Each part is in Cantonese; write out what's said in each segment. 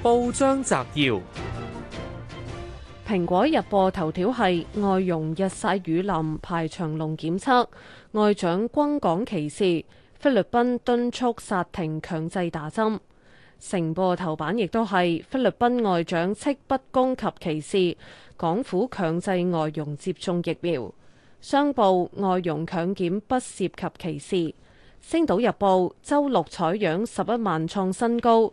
報章摘要：蘋果日報頭條係外傭日晒雨淋排長龍檢測，外長轟港歧視，菲律賓敦,敦促煞停強制打針。成報頭版亦都係菲律賓外長斥不公及歧視，港府強制外傭接種疫苗。商報外傭強檢不涉及歧視。星島日報周六採樣十一萬創新高。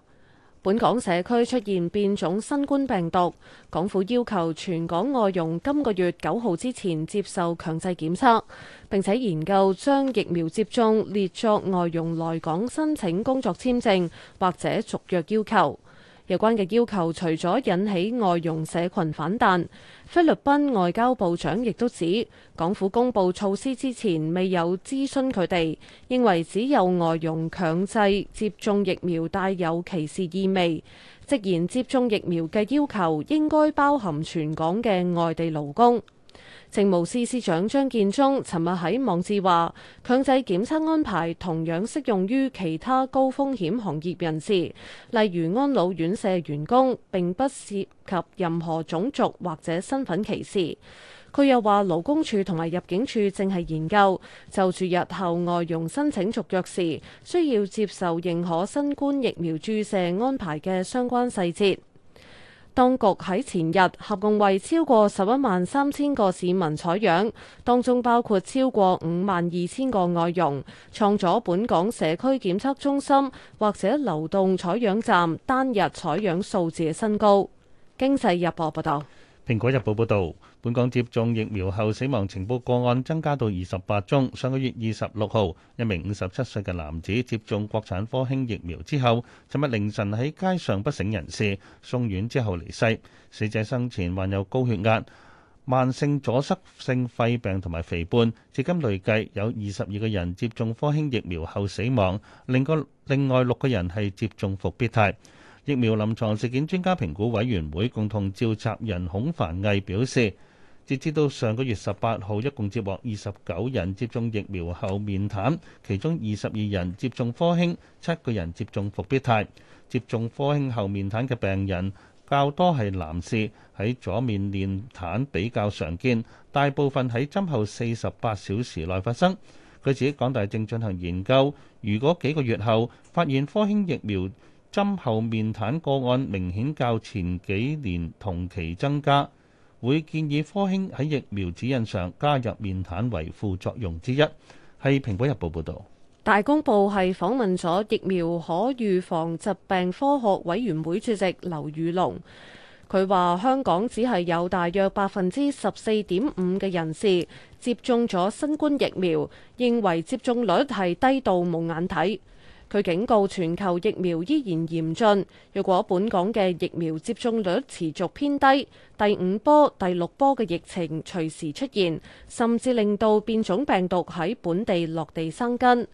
本港社區出現變種新冠病毒，港府要求全港外傭今個月九號之前接受強制檢測，並且研究將疫苗接種列作外傭來港申請工作簽證或者續約要求。有關嘅要求，除咗引起外傭社群反彈，菲律賓外交部長亦都指，港府公布措施之前未有諮詢佢哋，認為只有外傭強制接種疫苗帶有歧視意味，直言接種疫苗嘅要求應該包含全港嘅外地勞工。政務司司長張建宗尋日喺網誌話，強制檢測安排同樣適用於其他高風險行業人士，例如安老院舍員工，並不涉及任何種族或者身份歧視。佢又話，勞工處同埋入境處正係研究就住日後外傭申請續約時，需要接受認可新冠疫苗注射安排嘅相關細節。當局喺前日合共為超過十一萬三千個市民採樣，當中包括超過五萬二千個外傭，創咗本港社區檢測中心或者流動採樣站單日採樣數字嘅新高。經濟日報報導，《蘋果日報》報道。本港接種疫苗後死亡情報個案增加到二十八宗。上個月二十六號，一名五十七歲嘅男子接種國產科興疫苗之後，尋日凌晨喺街上不省人事，送院之後離世。死者生前患有高血壓、慢性阻塞性肺病同埋肥胖。至今累計有二十二個人接種科興疫苗後死亡，另個另外六個人係接種復必泰。疫苗臨床事件專家評估委員會共同召集人孔繁毅表示。截至到上個月十八號，一共接獲二十九人接種疫苗後面癱，其中二十二人接種科興，七個人接種復必泰。接種科興後面癱嘅病人較多係男士，喺左面面癱比較常見，大部分喺針後四十八小時內發生。佢自己港大正進行研究，如果幾個月後發現科興疫苗針後面癱個案明顯較前幾年同期增加。會建議科興喺疫苗指引上加入面癱為副作用之一。係《蘋果日報》報導。大公報係訪問咗疫苗可預防疾病科學委員會主席劉宇龍，佢話香港只係有大約百分之十四點五嘅人士接種咗新冠疫苗，認為接種率係低到冇眼睇。佢警告全球疫苗依然嚴峻，若果本港嘅疫苗接種率持續偏低，第五波、第六波嘅疫情隨時出現，甚至令到變種病毒喺本地落地生根。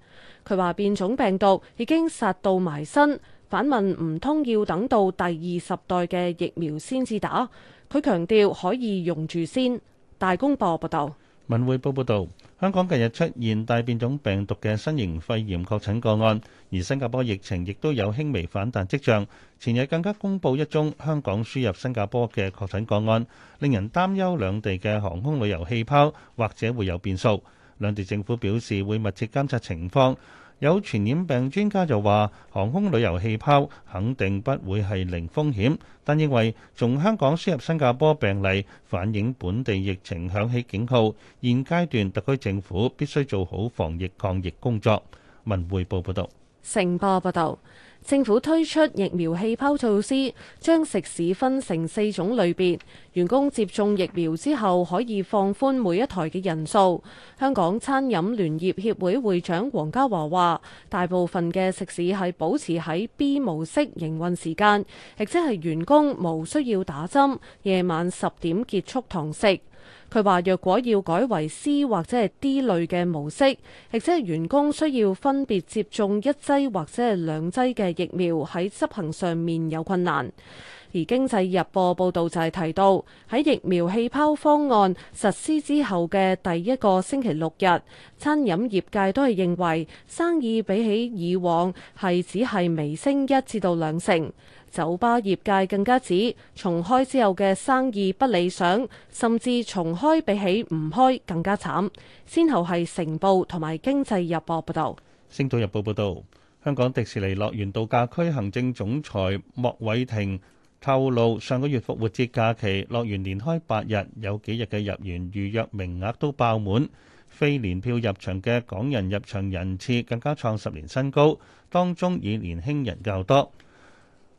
佢話變種病毒已經殺到埋身，反問唔通要等到第二十代嘅疫苗先至打？佢強調可以用住先。大公報報道。文匯報報道，香港近日出現大變種病毒嘅新型肺炎確診個案，而新加坡疫情亦都有輕微反彈跡象。前日更加公布一宗香港輸入新加坡嘅確診個案，令人擔憂兩地嘅航空旅遊氣泡或者會有變數。兩地政府表示會密切監察情況。有傳染病專家就話，航空旅遊氣泡肯定不會係零風險，但認為從香港輸入新加坡病例反映本地疫情響起警號，現階段特區政府必須做好防疫抗疫工作。文匯報報導，盛波報導。政府推出疫苗氣泡措施，將食肆分成四種類別，員工接種疫苗之後可以放寬每一台嘅人數。香港餐飲聯業協會會長黃家華話，大部分嘅食肆係保持喺 B 模式營運時間，亦即係員工無需要打針，夜晚十點結束堂食。佢話：若果要改為 C 或者係 D 類嘅模式，亦即係員工需要分別接種一劑或者係兩劑嘅疫苗，喺執行上面有困難。而經濟日報報導就係提到，喺疫苗氣泡方案實施之後嘅第一個星期六日，餐飲業界都係認為生意比起以往係只係微升一至到兩成。酒吧業界更加指重開之後嘅生意不理想，甚至重開比起唔開更加慘。先後係《成報》同埋《經濟日報，報道》報導，《星島日報》報導，香港迪士尼樂園度假區行政總裁莫偉庭。透露上個月復活節假期，樂園連開八日，有幾日嘅入園預約名額都爆滿，非連票入場嘅港人入場人次更加創十年新高，當中以年輕人較多。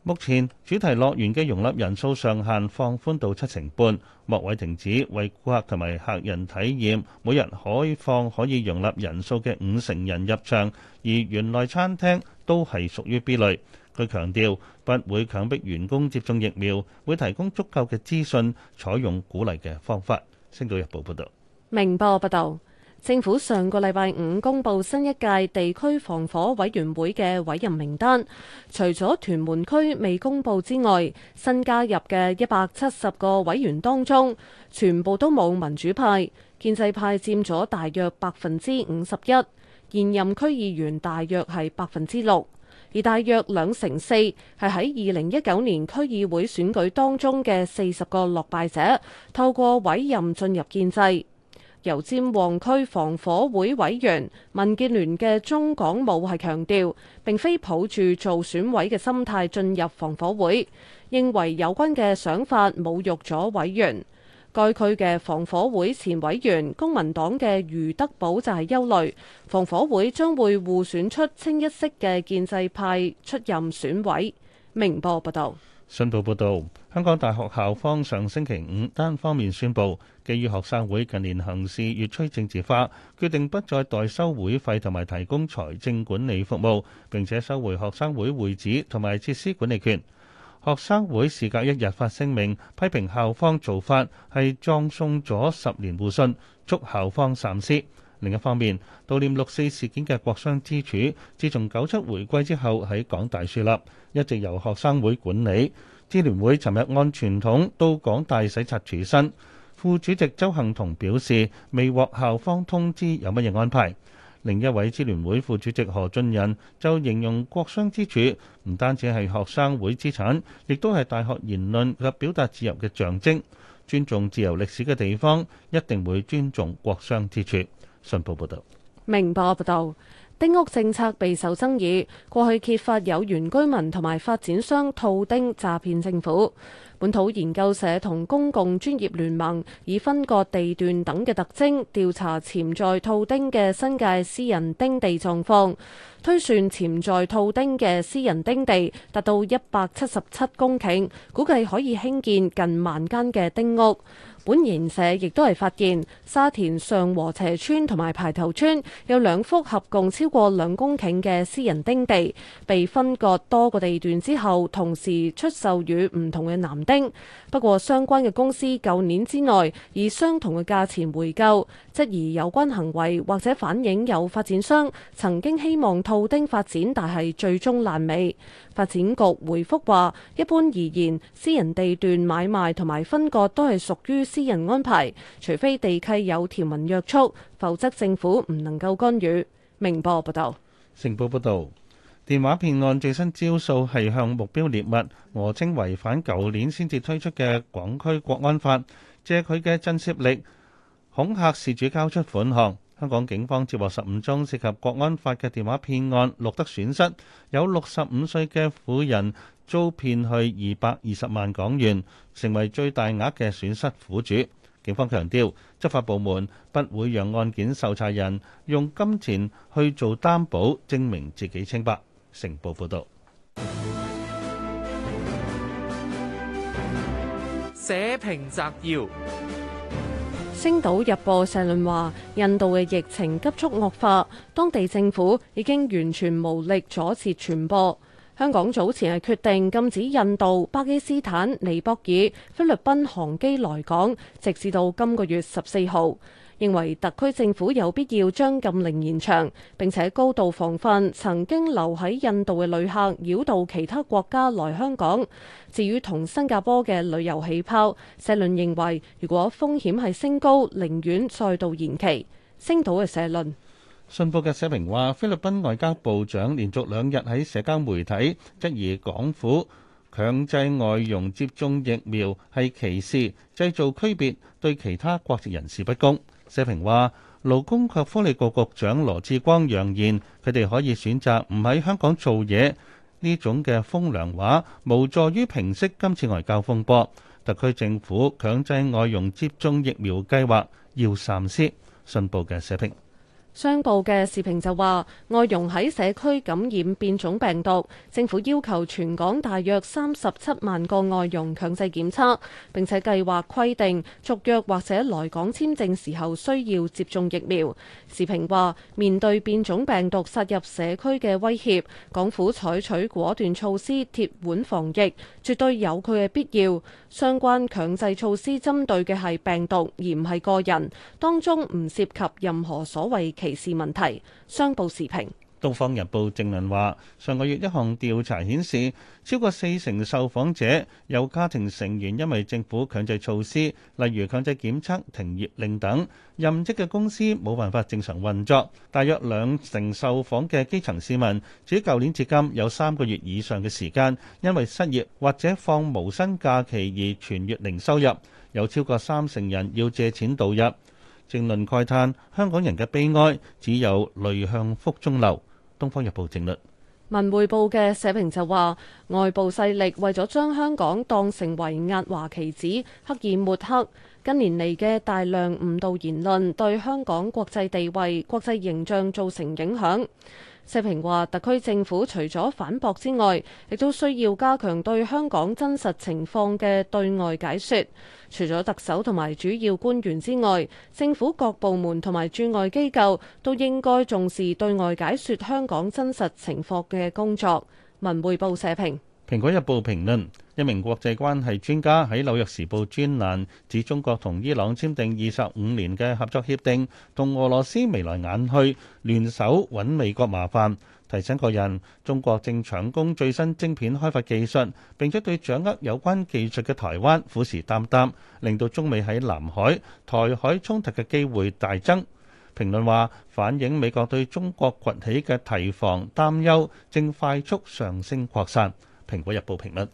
目前主題樂園嘅容納人數上限放寬到七成半。莫偉庭指為顧客同埋客人體驗，每日開放可以容納人數嘅五成人入場，而園內餐廳都係屬於 B 類。佢強調不會強迫員工接種疫苗，會提供足夠嘅資訊，採用鼓勵嘅方法。星島日報報道：「明報報道，政府上個禮拜五公布新一屆地區防火委員會嘅委任名單，除咗屯門區未公布之外，新加入嘅一百七十個委員當中，全部都冇民主派，建制派佔咗大約百分之五十一，現任區議員大約係百分之六。而大約兩成四係喺二零一九年區議會選舉當中嘅四十個落敗者，透過委任進入建制。由尖旺區防火會委員民建聯嘅鍾港武係強調，並非抱住做選委嘅心態進入防火會，認為有關嘅想法侮辱咗委員。該區嘅防火會前委員公民黨嘅余德寶就係憂慮，防火會將會互選出清一色嘅建制派出任選委。明報報道。信報報道，香港大學校方上星期五單方面宣布，基於學生會近年行事越趨政治化，決定不再代收會費同埋提供財政管理服務，並且收回學生會會址同埋設施管理權。學生會事隔一日發聲明，批評校方做法係葬送咗十年互信，促校方三思。另一方面，悼念六四事件嘅國殤之柱，自從九七回歸之後喺港大豎立，一直由學生會管理。支聯會尋日按傳統到港大洗刷柱身，副主席鄒幸彤表示，未獲校方通知有乜嘢安排。另一位支聯會副主席何俊仁就形容國殤之柱唔單止係學生會資產，亦都係大學言論及表達自由嘅象徵。尊重自由歷史嘅地方，一定會尊重國殤之柱。信報報道，明報報道。丁屋政策備受爭議，過去揭發有原居民同埋發展商套丁詐騙政府。本土研究社同公共專業聯盟以分割地段等嘅特徵調查潛在套丁嘅新界私人丁地狀況，推算潛在套丁嘅私人丁地達到一百七十七公頃，估計可以興建近萬間嘅丁屋。本研社亦都係發現沙田上禾輋村同埋排頭村有兩幅合共超過兩公頃嘅私人丁地，被分割多個地段之後同時出售予唔同嘅男丁。不過相關嘅公司舊年之內以相同嘅價錢回購，質疑有關行為或者反映有發展商曾經希望套丁發展，但係最終爛尾。發展局回覆話一般而言，私人地段買賣同埋分割都係屬於。私人安排，除非地契有條文約束，否則政府唔能夠干預。明報報導。成報報導，電話騙案最新招數係向目標獵物，訛稱違反舊年先至推出嘅港區國安法，借佢嘅震懾力恐嚇事主交出款項。香港警方接獲十五宗涉及國安法嘅電話騙案，錄得損失，有六十五歲嘅婦人。遭騙去二百二十萬港元，成為最大額嘅損失苦主。警方強調，執法部門不會讓案件受賊人用金錢去做擔保，證明自己清白。成報報導。社評摘要。《星島日報》社論話：印度嘅疫情急速惡化，當地政府已經完全無力阻截傳播。香港早前係決定禁止印度、巴基斯坦、尼泊爾、菲律賓航機來港，直至到今個月十四號。認為特區政府有必要將禁令延長，並且高度防範曾經留喺印度嘅旅客繞道其他國家來香港。至於同新加坡嘅旅遊氣泡，社論認為如果風險係升高，寧願再度延期。星島嘅社論。信報嘅社評話：菲律賓外交部長連續兩日喺社交媒體質疑港府強制外佣接種疫苗係歧視、製造區別，對其他國籍人士不公。社評話，勞工及福利局局長羅致光揚言，佢哋可以選擇唔喺香港做嘢，呢種嘅風涼話無助於平息今次外交風波。特區政府強制外佣接種疫苗計劃要三思。信報嘅社評。商報嘅視頻就話外傭喺社區感染變種病毒，政府要求全港大約三十七萬個外傭強制檢測，並且計劃規定續約或者來港簽證時候需要接種疫苗。視頻話面對變種病毒殺入社區嘅威脅，港府採取果斷措施鐵腕防疫，絕對有佢嘅必要。相關強制措施針對嘅係病毒，而唔係個人，當中唔涉及任何所謂。歧視問題，商報時評。《東方日報》政論話：上個月，一項調查顯示，超過四成受訪者有家庭成員因為政府強制措施，例如強制檢測、停業令等，任職嘅公司冇辦法正常運作。大約兩成受訪嘅基層市民，自舊年至今有三個月以上嘅時間，因為失業或者放無薪假期而全月零收入。有超過三成人要借錢度日。政論慨嘆，香港人嘅悲哀只有淚向腹中流。《東方日報》政論，《文匯報》嘅社評就話：外部勢力為咗將香港當成圍壓華棋子，刻意抹黑。近年嚟嘅大量誤導言論，對香港國際地位、國際形象造成影響。社評話，特區政府除咗反駁之外，亦都需要加強對香港真實情況嘅對外解說。除咗特首同埋主要官員之外，政府各部門同埋駐外機構都應該重視對外解說香港真實情況嘅工作。文匯報社評。《蘋果日報》評論一名國際關係專家喺《紐約時報》專欄指，中國同伊朗簽訂二十五年嘅合作協定，同俄羅斯眉來眼去，聯手揾美國麻煩。提醒個人，中國正搶攻最新晶片開發技術，並且對掌握有關技術嘅台灣虎視眈眈，令到中美喺南海、台海衝突嘅機會大增。評論話，反映美國對中國崛起嘅提防擔憂正快速上升擴散。《蘋果日報》評論。